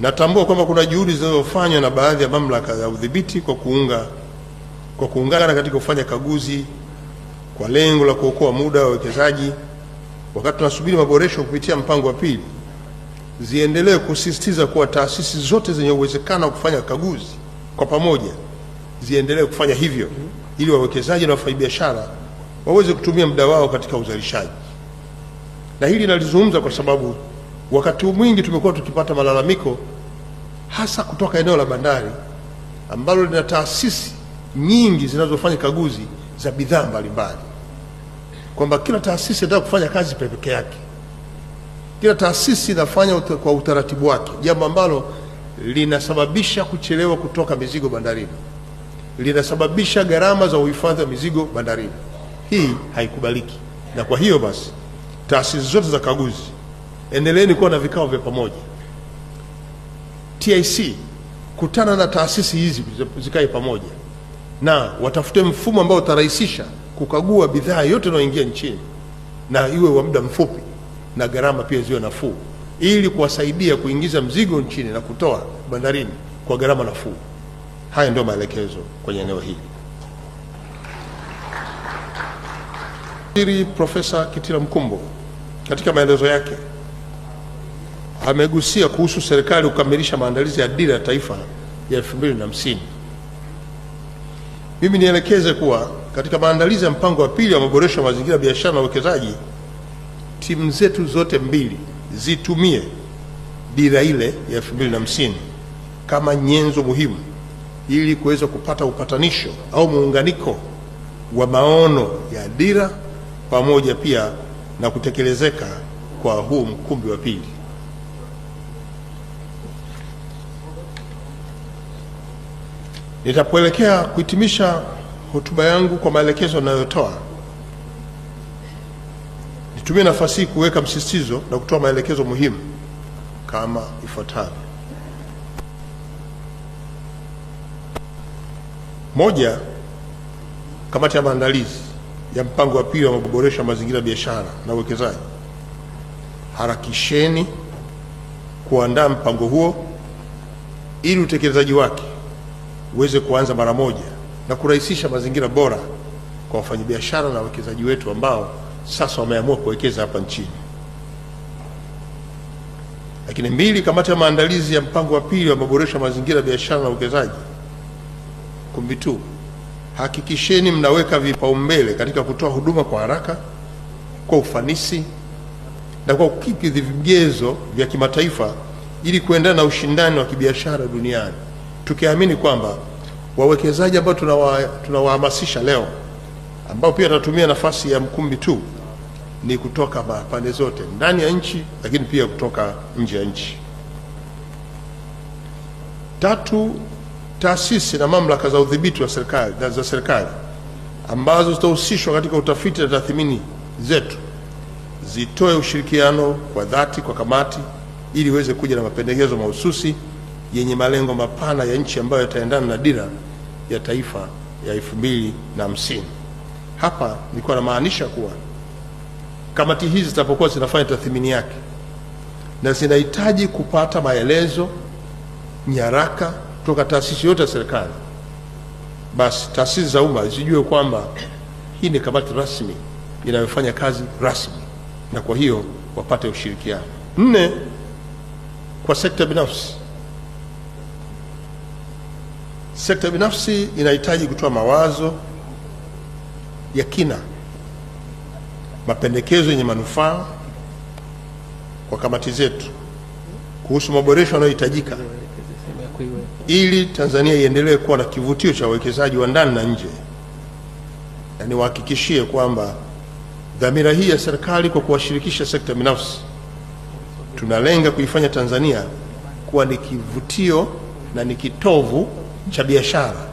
Natambua kwamba kuna juhudi zinazofanywa na baadhi ya mamlaka za udhibiti kwa kuunga kwa kuungana katika kufanya kaguzi kwa lengo la kuokoa muda wa wawekezaji wakati tunasubiri maboresho kupitia mpango wa pili, ziendelee kusisitiza kuwa taasisi zote zenye uwezekano wa kufanya kaguzi kwa pamoja ziendelee kufanya hivyo ili wawekezaji na wafanyabiashara waweze kutumia muda wao katika uzalishaji, na hili nalizungumza kwa sababu Wakati mwingi tumekuwa tukipata malalamiko hasa kutoka eneo la bandari ambalo lina taasisi nyingi zinazofanya kaguzi za bidhaa mbalimbali, kwamba kila taasisi inataka kufanya kazi peke yake, kila taasisi inafanya kwa utaratibu wake, jambo ambalo linasababisha kuchelewa kutoka mizigo bandarini, linasababisha gharama za uhifadhi wa mizigo bandarini. Hii haikubaliki, na kwa hiyo basi taasisi zote za kaguzi endeleeni kuwa na vikao vya pamoja. TIC kutana na taasisi hizi zikae pamoja na watafute mfumo ambao utarahisisha kukagua bidhaa yote inayoingia nchini na iwe wa muda mfupi na gharama pia ziwe nafuu, ili kuwasaidia kuingiza mzigo nchini na kutoa bandarini kwa gharama nafuu. Haya ndio maelekezo kwenye eneo hili. Waziri Profesa kitira Mkumbo katika maelezo yake amegusia kuhusu serikali kukamilisha maandalizi ya dira ya taifa ya 2050. Mimi nielekeze kuwa katika maandalizi ya mpango wa pili wa maboresho ya mazingira ya biashara na uwekezaji, timu zetu zote mbili zitumie dira ile ya 2050 kama nyenzo muhimu ili kuweza kupata upatanisho au muunganiko wa maono ya dira pamoja pia na kutekelezeka kwa huu mkumbi wa pili. Nitapoelekea kuhitimisha hotuba yangu kwa maelekezo ninayotoa, nitumie nafasi hii kuweka msisitizo na kutoa maelekezo muhimu kama ifuatavyo. Moja, kamati ya maandalizi ya mpango wa pili wa maboresho ya mazingira ya biashara na uwekezaji, harakisheni kuandaa mpango huo ili utekelezaji wake uweze kuanza mara moja na kurahisisha mazingira bora kwa wafanyabiashara na wawekezaji wetu ambao sasa wameamua kuwekeza hapa nchini. Lakini mbili, kamati ya maandalizi ya mpango wa pili wa maboresho ya mazingira ya biashara na uwekezaji kumbi tu, hakikisheni mnaweka vipaumbele katika kutoa huduma kwa haraka, kwa ufanisi na kwa kukidhi vigezo vya kimataifa ili kuendana na ushindani wa kibiashara duniani tukiamini kwamba wawekezaji ambao tunawahamasisha tuna leo ambao pia tunatumia nafasi ya Mkumbi tu ni kutoka pande zote ndani ya nchi, lakini pia kutoka nje ya nchi. Tatu, taasisi na mamlaka za udhibiti wa serikali za serikali ambazo zitahusishwa katika utafiti na tathmini zetu zitoe ushirikiano kwa dhati kwa kamati ili iweze kuja na mapendekezo mahususi yenye malengo mapana ya nchi ambayo yataendana na dira ya taifa ya elfu mbili na hamsini. Hapa nilikuwa namaanisha kuwa kamati hizi zitapokuwa zinafanya tathmini yake na zinahitaji kupata maelezo, nyaraka kutoka taasisi yote ya serikali, basi taasisi za umma zijue kwamba hii ni kamati rasmi inayofanya kazi rasmi, na kwa hiyo wapate ushirikiano. Nne, kwa sekta binafsi Sekta binafsi inahitaji kutoa mawazo ya kina, mapendekezo yenye manufaa kwa kamati zetu kuhusu maboresho yanayohitajika ili Tanzania iendelee kuwa na kivutio cha wawekezaji wa ndani na nje, na niwahakikishie kwamba dhamira hii ya serikali kwa kuwashirikisha sekta binafsi, tunalenga kuifanya Tanzania kuwa ni kivutio na ni kitovu cha biashara